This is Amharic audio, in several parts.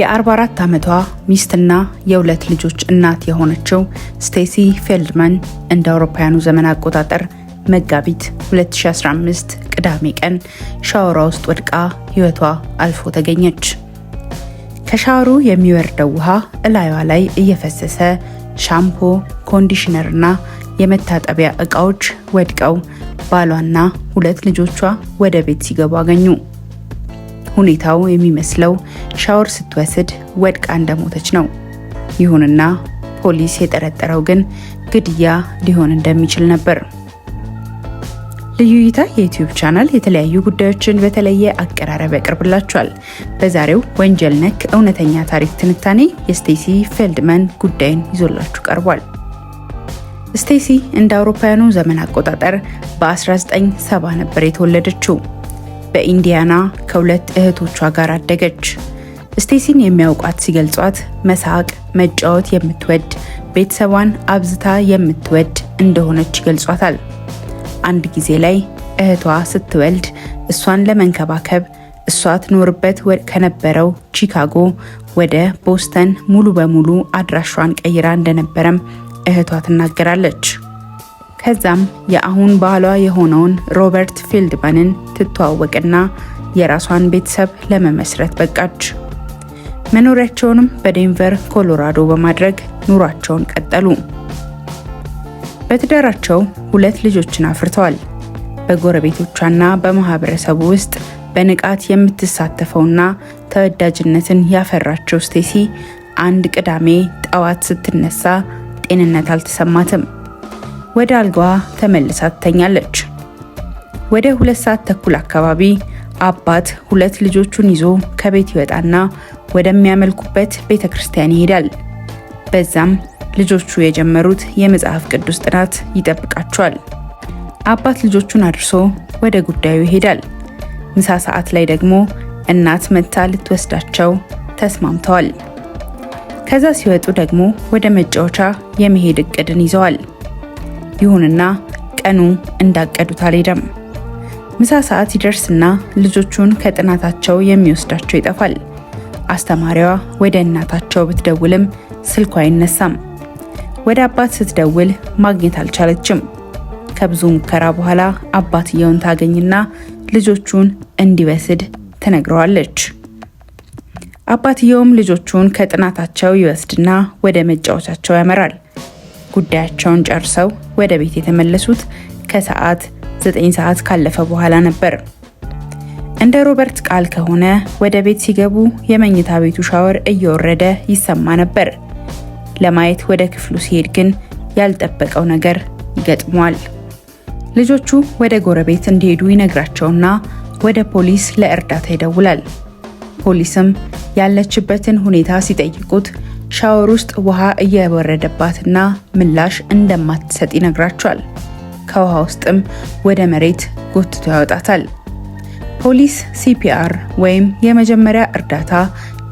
የ44 ዓመቷ ሚስትና የሁለት ልጆች እናት የሆነችው ስቴሲ ፌልድማን እንደ አውሮፓውያኑ ዘመን አቆጣጠር መጋቢት 2015 ቅዳሜ ቀን ሻወሯ ውስጥ ወድቃ ሕይወቷ አልፎ ተገኘች። ከሻወሩ የሚወርደው ውሃ እላዩዋ ላይ እየፈሰሰ ሻምፖ፣ ኮንዲሽነርና የመታጠቢያ እቃዎች ወድቀው ባሏና ሁለት ልጆቿ ወደ ቤት ሲገቡ አገኙ። ሁኔታው የሚመስለው ሻወር ስትወስድ ወድቃ እንደሞተች ነው። ይሁንና ፖሊስ የጠረጠረው ግን ግድያ ሊሆን እንደሚችል ነበር። ልዩ እይታ የዩቲዩብ ቻናል የተለያዩ ጉዳዮችን በተለየ አቀራረብ ያቀርብላችኋል። በዛሬው ወንጀል ነክ እውነተኛ ታሪክ ትንታኔ የስቴሲ ፌልድመን ጉዳይን ይዞላችሁ ቀርቧል። ስቴሲ እንደ አውሮፓውያኑ ዘመን አቆጣጠር በ1970 ነበር የተወለደችው። በኢንዲያና ከሁለት እህቶቿ ጋር አደገች። ስቴሲን የሚያውቋት ሲገልጿት መሳቅ፣ መጫወት የምትወድ ቤተሰቧን አብዝታ የምትወድ እንደሆነች ይገልጿታል። አንድ ጊዜ ላይ እህቷ ስትወልድ እሷን ለመንከባከብ እሷ ትኖርበት ከነበረው ቺካጎ ወደ ቦስተን ሙሉ በሙሉ አድራሿን ቀይራ እንደነበረም እህቷ ትናገራለች። ከዛም የአሁን ባሏ የሆነውን ሮበርት ፊልድማንን ትተዋወቅና የራሷን ቤተሰብ ለመመስረት በቃች። መኖሪያቸውንም በዴንቨር ኮሎራዶ በማድረግ ኑሯቸውን ቀጠሉ። በትዳራቸው ሁለት ልጆችን አፍርተዋል። በጎረቤቶቿና በማህበረሰቡ ውስጥ በንቃት የምትሳተፈውና ተወዳጅነትን ያፈራቸው ስቴሲ አንድ ቅዳሜ ጠዋት ስትነሳ ጤንነት አልተሰማትም። ወደ አልጋዋ ተመልሳ ትተኛለች። ወደ ሁለት ሰዓት ተኩል አካባቢ አባት ሁለት ልጆቹን ይዞ ከቤት ይወጣና ወደሚያመልኩበት ቤተ ክርስቲያን ይሄዳል። በዛም ልጆቹ የጀመሩት የመጽሐፍ ቅዱስ ጥናት ይጠብቃቸዋል። አባት ልጆቹን አድርሶ ወደ ጉዳዩ ይሄዳል። ምሳ ሰዓት ላይ ደግሞ እናት መታ ልትወስዳቸው ተስማምተዋል። ከዛ ሲወጡ ደግሞ ወደ መጫወቻ የመሄድ እቅድን ይዘዋል። ይሁንና ቀኑ እንዳቀዱት አልሄደም። ምሳ ሰዓት ይደርስና ልጆቹን ከጥናታቸው የሚወስዳቸው ይጠፋል። አስተማሪዋ ወደ እናታቸው ብትደውልም ስልኳ አይነሳም። ወደ አባት ስትደውል ማግኘት አልቻለችም። ከብዙ ሙከራ በኋላ አባትየውን ታገኝና ልጆቹን እንዲወስድ ትነግረዋለች። አባትየውም ልጆቹን ከጥናታቸው ይወስድና ወደ መጫወቻቸው ያመራል። ጉዳያቸውን ጨርሰው ወደ ቤት የተመለሱት ከሰዓት 9 ሰዓት ካለፈ በኋላ ነበር። እንደ ሮበርት ቃል ከሆነ ወደ ቤት ሲገቡ የመኝታ ቤቱ ሻወር እየወረደ ይሰማ ነበር። ለማየት ወደ ክፍሉ ሲሄድ ግን ያልጠበቀው ነገር ይገጥሟል። ልጆቹ ወደ ጎረቤት እንዲሄዱ ይነግራቸውና ወደ ፖሊስ ለእርዳታ ይደውላል። ፖሊስም ያለችበትን ሁኔታ ሲጠይቁት ሻወር ውስጥ ውሃ እየወረደባትና ምላሽ እንደማትሰጥ ይነግራቸዋል። ከውሃ ውስጥም ወደ መሬት ጎትቶ ያወጣታል። ፖሊስ ሲፒአር ወይም የመጀመሪያ እርዳታ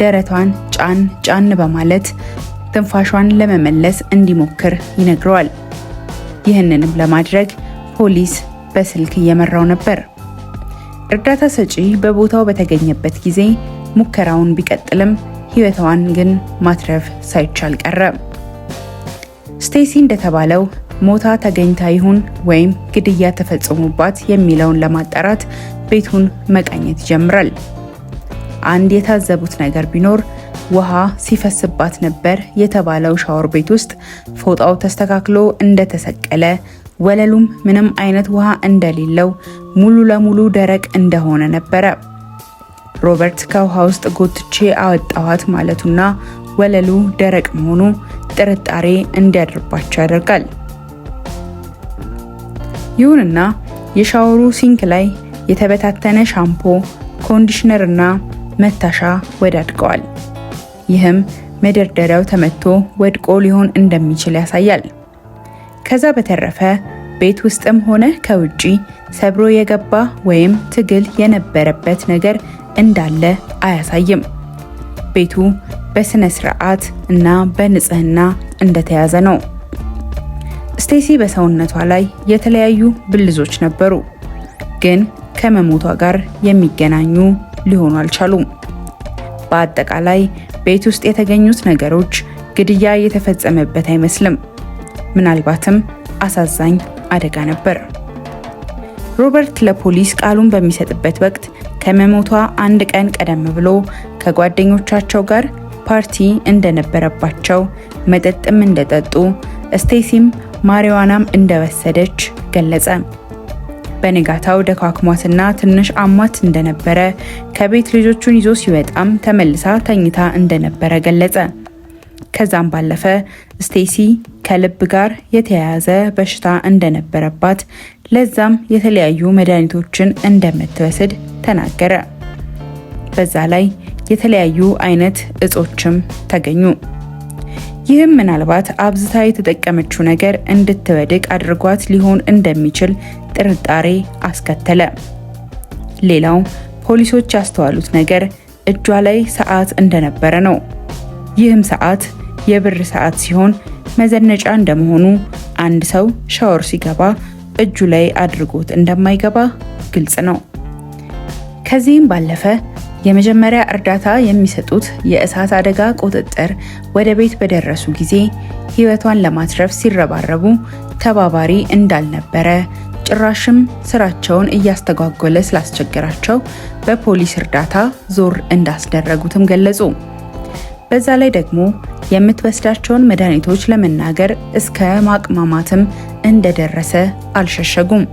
ደረቷን ጫን ጫን በማለት ትንፋሿን ለመመለስ እንዲሞክር ይነግረዋል። ይህንንም ለማድረግ ፖሊስ በስልክ እየመራው ነበር። እርዳታ ሰጪ በቦታው በተገኘበት ጊዜ ሙከራውን ቢቀጥልም ህይወቷን ግን ማትረፍ ሳይቻል ቀረ። ስቴሲ እንደተባለው ሞታ ተገኝታ ይሁን ወይም ግድያ ተፈጽሞባት የሚለውን ለማጣራት ቤቱን መቃኘት ይጀምራል። አንድ የታዘቡት ነገር ቢኖር ውሃ ሲፈስባት ነበር የተባለው ሻወር ቤት ውስጥ ፎጣው ተስተካክሎ እንደተሰቀለ፣ ወለሉም ምንም አይነት ውሃ እንደሌለው፣ ሙሉ ለሙሉ ደረቅ እንደሆነ ነበረ። ሮበርት ከውሃ ውስጥ ጎትቼ አወጣኋት ማለቱና ወለሉ ደረቅ መሆኑ ጥርጣሬ እንዲያድርባቸው ያደርጋል። ይሁንና የሻወሩ ሲንክ ላይ የተበታተነ ሻምፖ፣ ኮንዲሽነር እና መታሻ ወዳድቀዋል። ይህም መደርደሪያው ተመቶ ወድቆ ሊሆን እንደሚችል ያሳያል። ከዛ በተረፈ ቤት ውስጥም ሆነ ከውጪ ሰብሮ የገባ ወይም ትግል የነበረበት ነገር እንዳለ አያሳይም። ቤቱ በስነ ስርዓት እና በንጽህና እንደተያዘ ነው። ስቴሲ በሰውነቷ ላይ የተለያዩ ብልዞች ነበሩ፣ ግን ከመሞቷ ጋር የሚገናኙ ሊሆኑ አልቻሉም። በአጠቃላይ ቤት ውስጥ የተገኙት ነገሮች ግድያ የተፈጸመበት አይመስልም። ምናልባትም አሳዛኝ አደጋ ነበር። ሮበርት ለፖሊስ ቃሉን በሚሰጥበት ወቅት ከመሞቷ አንድ ቀን ቀደም ብሎ ከጓደኞቻቸው ጋር ፓርቲ እንደነበረባቸው፣ መጠጥም እንደጠጡ፣ ስቴሲም ማሪዋናም እንደወሰደች ገለጸ። በንጋታው ደካክሟትና ትንሽ አሟት እንደነበረ፣ ከቤት ልጆቹን ይዞ ሲወጣም ተመልሳ ተኝታ እንደነበረ ገለጸ። ከዛም ባለፈ ስቴሲ ከልብ ጋር የተያያዘ በሽታ እንደነበረባት ለዛም የተለያዩ መድኃኒቶችን እንደምትወስድ ተናገረ። በዛ ላይ የተለያዩ አይነት እጾችም ተገኙ። ይህም ምናልባት አብዝታ የተጠቀመችው ነገር እንድትወድቅ አድርጓት ሊሆን እንደሚችል ጥርጣሬ አስከተለ። ሌላው ፖሊሶች ያስተዋሉት ነገር እጇ ላይ ሰዓት እንደነበረ ነው። ይህም ሰዓት የብር ሰዓት ሲሆን መዘነጫ እንደመሆኑ አንድ ሰው ሻወር ሲገባ እጁ ላይ አድርጎት እንደማይገባ ግልጽ ነው። ከዚህም ባለፈ የመጀመሪያ እርዳታ የሚሰጡት የእሳት አደጋ ቁጥጥር ወደ ቤት በደረሱ ጊዜ ሕይወቷን ለማትረፍ ሲረባረቡ ተባባሪ እንዳልነበረ ጭራሽም ስራቸውን እያስተጓጎለ ስላስቸገራቸው በፖሊስ እርዳታ ዞር እንዳስደረጉትም ገለጹ። በዛ ላይ ደግሞ የምትወስዳቸውን መድኃኒቶች ለመናገር እስከ ማቅማማትም እንደደረሰ አልሸሸጉም።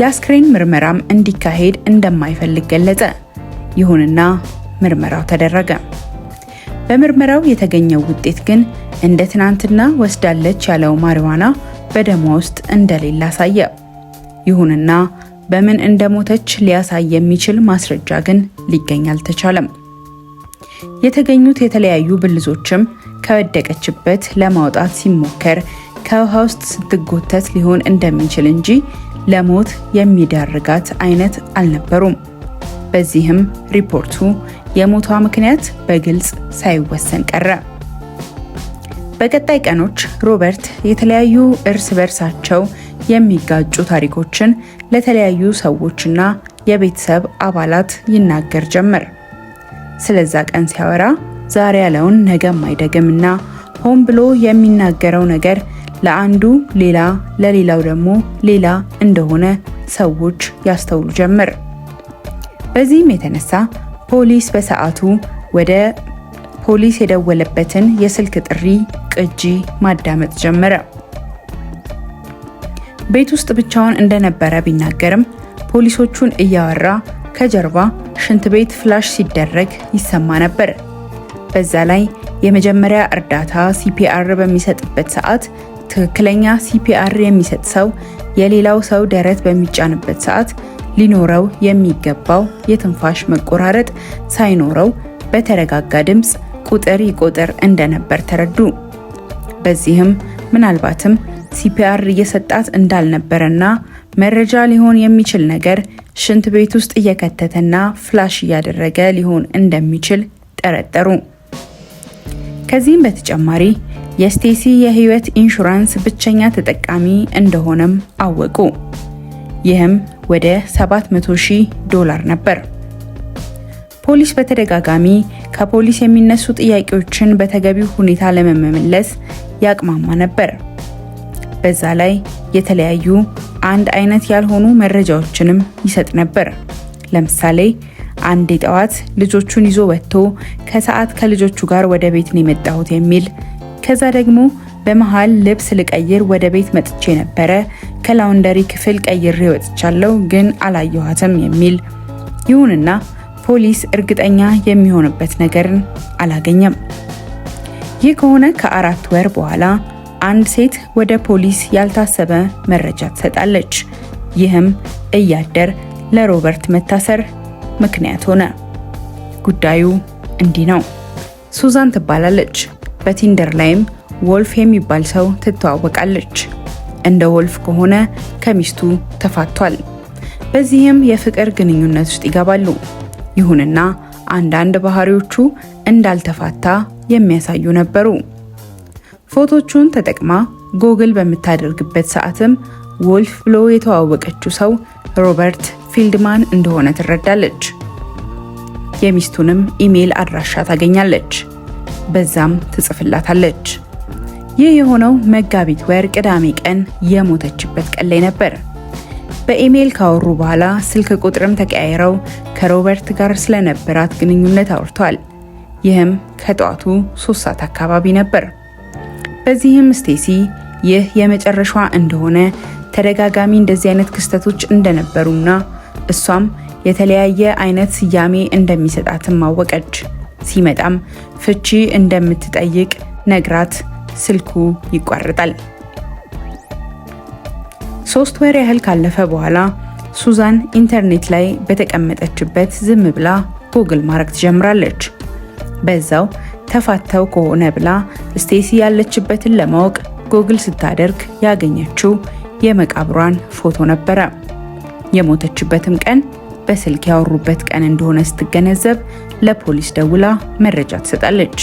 የአስክሬን ምርመራም እንዲካሄድ እንደማይፈልግ ገለጸ። ይሁንና ምርመራው ተደረገ። በምርመራው የተገኘው ውጤት ግን እንደ ትናንትና ወስዳለች ያለው ማሪዋና በደሟ ውስጥ እንደሌለ አሳየ። ይሁንና በምን እንደሞተች ሊያሳይ የሚችል ማስረጃ ግን ሊገኝ አልተቻለም። የተገኙት የተለያዩ ብልዞችም ከወደቀችበት ለማውጣት ሲሞከር ከውሃ ውስጥ ስትጎተት ሊሆን እንደሚችል እንጂ ለሞት የሚዳርጋት አይነት አልነበሩም። በዚህም ሪፖርቱ የሞቷ ምክንያት በግልጽ ሳይወሰን ቀረ። በቀጣይ ቀኖች ሮበርት የተለያዩ እርስ በርሳቸው የሚጋጩ ታሪኮችን ለተለያዩ ሰዎችና የቤተሰብ አባላት ይናገር ጀመር። ስለዛ ቀን ሲያወራ ዛሬ ያለውን ነገም ማይደግምና ሆን ብሎ የሚናገረው ነገር ለአንዱ ሌላ ለሌላው ደግሞ ሌላ እንደሆነ ሰዎች ያስተውሉ ጀመር። በዚህም የተነሳ ፖሊስ በሰዓቱ ወደ ፖሊስ የደወለበትን የስልክ ጥሪ ቅጂ ማዳመጥ ጀመረ። ቤት ውስጥ ብቻውን እንደነበረ ቢናገርም ፖሊሶቹን እያወራ ከጀርባ ሽንት ቤት ፍላሽ ሲደረግ ይሰማ ነበር። በዛ ላይ የመጀመሪያ እርዳታ ሲፒአር በሚሰጥበት ሰዓት ትክክለኛ ሲፒአር የሚሰጥ ሰው የሌላው ሰው ደረት በሚጫንበት ሰዓት ሊኖረው የሚገባው የትንፋሽ መቆራረጥ ሳይኖረው በተረጋጋ ድምፅ ቁጥር ይቆጥር እንደነበር ተረዱ። በዚህም ምናልባትም ሲፒአር እየሰጣት እንዳልነበረና መረጃ ሊሆን የሚችል ነገር ሽንት ቤት ውስጥ እየከተተና ፍላሽ እያደረገ ሊሆን እንደሚችል ጠረጠሩ። ከዚህም በተጨማሪ የስቴሲ የህይወት ኢንሹራንስ ብቸኛ ተጠቃሚ እንደሆነም አወቁ። ይህም ወደ 700 ሺህ ዶላር ነበር። ፖሊስ በተደጋጋሚ ከፖሊስ የሚነሱ ጥያቄዎችን በተገቢው ሁኔታ ለመመለስ ያቅማማ ነበር። በዛ ላይ የተለያዩ አንድ አይነት ያልሆኑ መረጃዎችንም ይሰጥ ነበር። ለምሳሌ አንድ ጠዋት ልጆቹን ይዞ ወጥቶ ከሰዓት ከልጆቹ ጋር ወደ ቤት ነው የመጣሁት የሚል ከዛ ደግሞ በመሃል ልብስ ልቀይር ወደ ቤት መጥቼ ነበረ። ከላውንደሪ ክፍል ቀይሬ ወጥቻለሁ ግን አላየኋትም የሚል ይሁንና ፖሊስ እርግጠኛ የሚሆንበት ነገርን አላገኘም። ይህ ከሆነ ከአራት ወር በኋላ አንድ ሴት ወደ ፖሊስ ያልታሰበ መረጃ ትሰጣለች። ይህም እያደር ለሮበርት መታሰር ምክንያት ሆነ። ጉዳዩ እንዲህ ነው። ሱዛን ትባላለች። በቲንደር ላይም ወልፍ የሚባል ሰው ትተዋወቃለች። እንደ ወልፍ ከሆነ ከሚስቱ ተፋቷል። በዚህም የፍቅር ግንኙነት ውስጥ ይገባሉ። ይሁንና አንዳንድ ባህሪዎቹ እንዳልተፋታ የሚያሳዩ ነበሩ። ፎቶቹን ተጠቅማ ጎግል በምታደርግበት ሰዓትም ወልፍ ብሎ የተዋወቀችው ሰው ሮበርት ፊልድማን እንደሆነ ትረዳለች። የሚስቱንም ኢሜይል አድራሻ ታገኛለች። በዛም ትጽፍላታለች። ይህ የሆነው መጋቢት ወር ቅዳሜ ቀን የሞተችበት ቀን ላይ ነበር። በኢሜይል ካወሩ በኋላ ስልክ ቁጥርም ተቀያይረው ከሮበርት ጋር ስለነበራት ግንኙነት አውርቷል። ይህም ከጠዋቱ ሶስት ሰዓት አካባቢ ነበር። በዚህም ስቴሲ ይህ የመጨረሻ እንደሆነ ተደጋጋሚ እንደዚህ አይነት ክስተቶች እንደነበሩና እሷም የተለያየ አይነት ስያሜ እንደሚሰጣትም አወቀች። ሲመጣም ፍቺ እንደምትጠይቅ ነግራት ስልኩ ይቋረጣል። ሶስት ወር ያህል ካለፈ በኋላ ሱዛን ኢንተርኔት ላይ በተቀመጠችበት ዝም ብላ ጉግል ማድረግ ትጀምራለች። በዛው ተፋተው ከሆነ ብላ ስቴሲ ያለችበትን ለማወቅ ጉግል ስታደርግ ያገኘችው የመቃብሯን ፎቶ ነበረ። የሞተችበትም ቀን በስልክ ያወሩበት ቀን እንደሆነ ስትገነዘብ ለፖሊስ ደውላ መረጃ ትሰጣለች።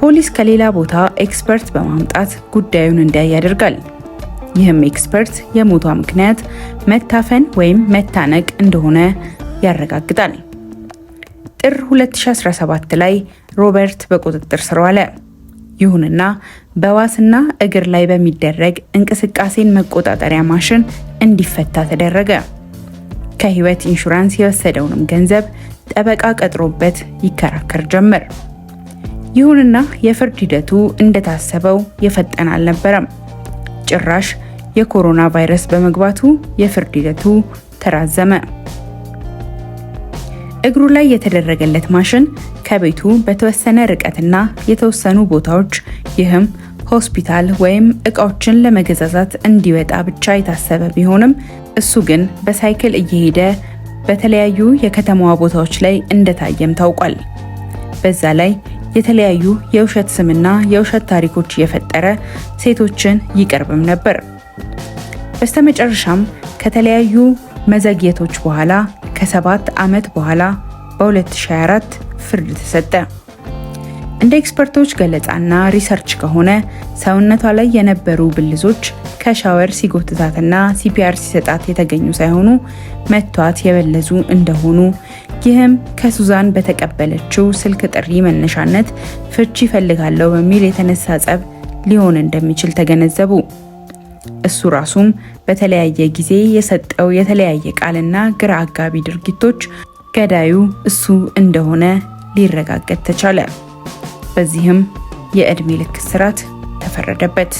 ፖሊስ ከሌላ ቦታ ኤክስፐርት በማምጣት ጉዳዩን እንዲያይ ያደርጋል። ይህም ኤክስፐርት የሞቷ ምክንያት መታፈን ወይም መታነቅ እንደሆነ ያረጋግጣል። ጥር 2017 ላይ ሮበርት በቁጥጥር ስር ዋለ። ይሁንና በዋስና እግር ላይ በሚደረግ እንቅስቃሴን መቆጣጠሪያ ማሽን እንዲፈታ ተደረገ። ከህይወት ኢንሹራንስ የወሰደውንም ገንዘብ ጠበቃ ቀጥሮበት ይከራከር ጀመር። ይሁንና የፍርድ ሂደቱ እንደታሰበው የፈጠነ አልነበረም። ጭራሽ የኮሮና ቫይረስ በመግባቱ የፍርድ ሂደቱ ተራዘመ። እግሩ ላይ የተደረገለት ማሽን ከቤቱ በተወሰነ ርቀትና የተወሰኑ ቦታዎች ይህም ሆስፒታል ወይም እቃዎችን ለመገዛዛት እንዲወጣ ብቻ የታሰበ ቢሆንም እሱ ግን በሳይክል እየሄደ በተለያዩ የከተማዋ ቦታዎች ላይ እንደታየም ታውቋል። በዛ ላይ የተለያዩ የውሸት ስምና የውሸት ታሪኮች እየፈጠረ ሴቶችን ይቀርብም ነበር። በስተመጨረሻም ከተለያዩ መዘግየቶች በኋላ ከሰባት ዓመት በኋላ በ2024 ፍርድ ተሰጠ። እንደ ኤክስፐርቶች ገለጻና ሪሰርች ከሆነ ሰውነቷ ላይ የነበሩ ብልዞች ከሻወር ሲጎትታትና ሲፒአር ሲሰጣት የተገኙ ሳይሆኑ መጥቷት የበለዙ እንደሆኑ ይህም ከሱዛን በተቀበለችው ስልክ ጥሪ መነሻነት ፍቺ ይፈልጋለሁ በሚል የተነሳ ጸብ ሊሆን እንደሚችል ተገነዘቡ። እሱ ራሱም በተለያየ ጊዜ የሰጠው የተለያየ ቃልና ግራ አጋቢ ድርጊቶች ገዳዩ እሱ እንደሆነ ሊረጋገጥ ተቻለ። በዚህም የዕድሜ ልክ እስራት ተፈረደበት።